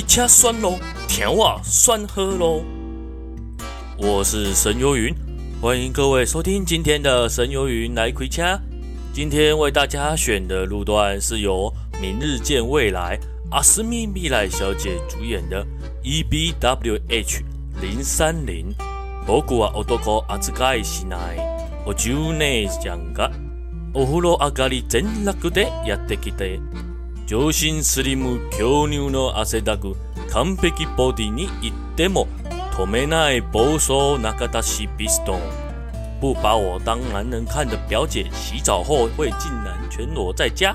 開車算咯，甜啊酸喝咯。我是神遊雲，歡迎各位收聽今天的神遊雲來開車。今天為大家選的路段是由明日見未來、阿斯密米萊小姐主演的 EBWH 零三零。 不把我當男人看的表姐，洗澡後會竟然全裸在家。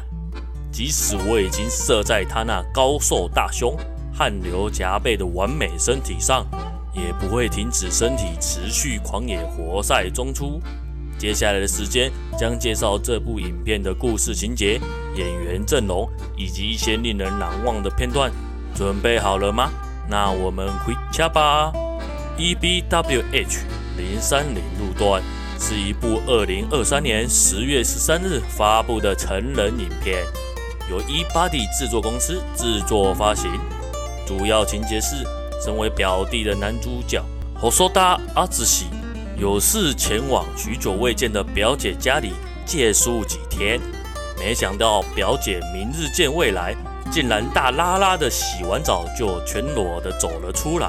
即使我已經射在她那高瘦大胸、汗流浹背的完美身體上，也不會停止身體持續狂野活塞中出。接下來的時間將介紹這部影片的故事情節、演員陣容以及一些令人難忘的片段。準備好了嗎？那我們回家吧。EBWH 零三零路段是一部二零二三年十月十三日發布的成人影片由、e，由 b 八 D 製作公司製作發行。主要情節是，身為表弟的男主角 o 守 a 阿志喜。有事前往許久未見的表姐家裡借宿幾天，沒想到表姐明日見未來竟然大喇喇的洗完澡就全裸的走了出來。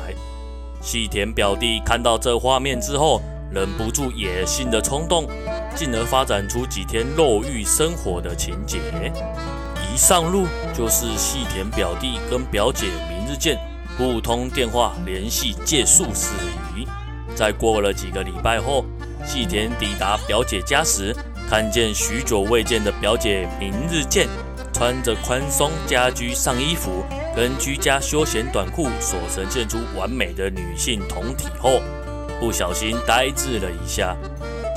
細田表弟看到這畫面之後，忍不住野性的衝動，進而發展出幾天肉慾生活的情節。一上路就是細田表弟跟表姐明日見互通電話聯繫借宿事宜。在過了幾個禮拜後，細田抵達表姐家時，看見許久未見的表姐明日見，穿着寬鬆家居上衣服跟居家休閒短褲所呈現出完美的女性胴體後，不小心呆滯了一下。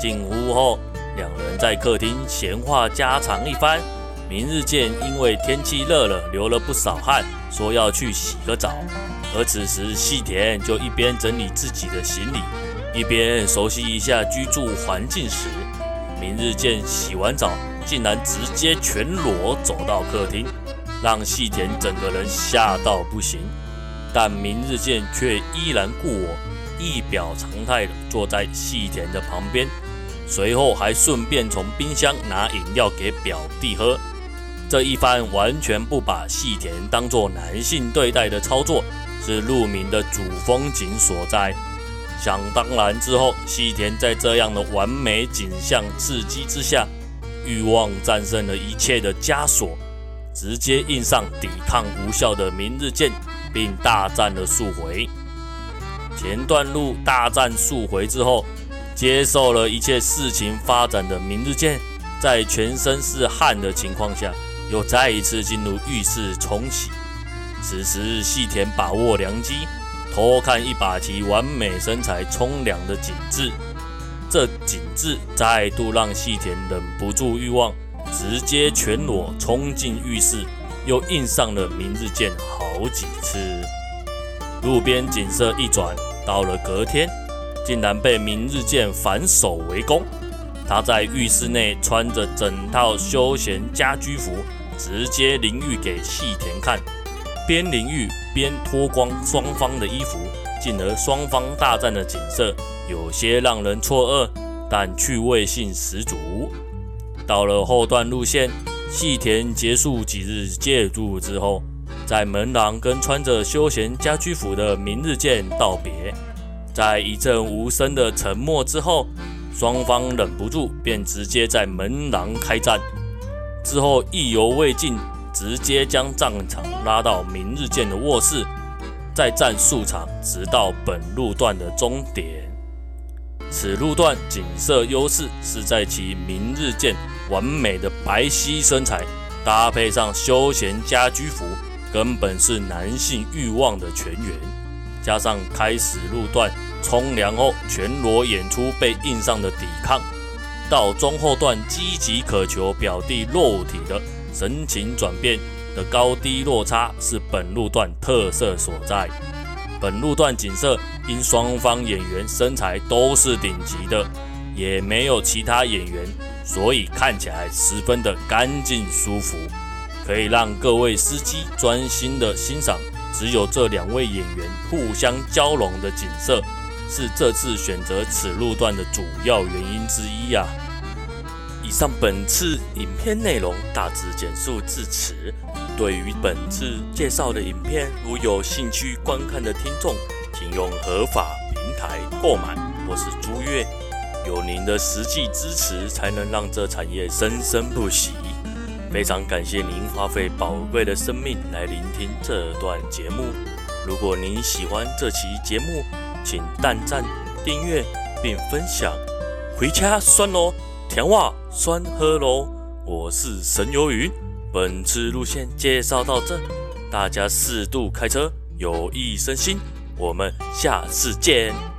進屋後，兩人在客廳閒話家常一番。明日見，因為天氣熱了，流了不少汗，說要去洗個澡。而此時細田就一邊整理自己的行李，一邊熟悉一下居住環境時，明日見洗完澡竟然直接全裸走到客廳，讓細田整個人嚇到不行。但明日見卻依然故我，一表常態地坐在細田的旁邊，隨後還順便從冰箱拿飲料給表弟喝。這一番完全不把細田當作男性對待的操作，是鹿鳴的主風景所在。想當然之後，細田在這樣的完美景象刺激之下，慾望戰勝了一切的枷鎖，直接印上抵抗無效的明日見，並大戰了數回。前段路大戰數回之後，接受了一切事情發展的明日見，在全身是汗的情況下，又再一次進入浴室沖洗，此時細田把握良機，偷看一把其完美身材沖涼的景致，這景致再度讓細田忍不住欲望，直接全裸衝進浴室，又硬上了明日見好幾次。路邊景色一轉，到了隔天，竟然被明日見反守為攻。他在浴室內穿着整套休閒家居服，直接淋浴給細田看，邊淋浴邊脫光雙方的衣服，進而雙方大戰的景色有些讓人錯愕，但趣味性十足。到了後段路線，細田結束幾日借住之後，在門廊跟穿着休閒家居服的明日見道別，在一陣無聲的沉默之後。雙方忍不住，便直接在門廊開戰。之後意猶未盡，直接將戰場拉到明日見的臥室，再戰數場，直到本路段的終點。此路段景色優勢是在其明日見完美的白皙身材，搭配上休閒家居服，根本是男性欲望的泉源。加上開始路段沖涼後全裸演出被印上的抵抗，到中後段積極渴求表弟肉體的神情轉變的高低落差是本路段特色所在。本路段景色因雙方演員身材都是頂級的，也沒有其他演員，所以看起來十分的乾淨舒服，可以讓各位司機專心的欣賞。只有這兩位演員互相交融的景色，是這次選擇此路段的主要原因之一啊！以上本次影片內容大致簡述至此。對於本次介紹的影片，如有興趣觀看的聽眾，請用合法平台購買或是租閱，有您的實際支持，才能讓這產業生生不息。非常感謝您花費寶貴的生命來聆聽這段節目。如果您喜歡這期節目，請點贊、訂閱並分享。回家酸咯，甜話酸喝咯。我是神游魚，本次路線介紹到這，大家適度開車，有益身心。我們下次見。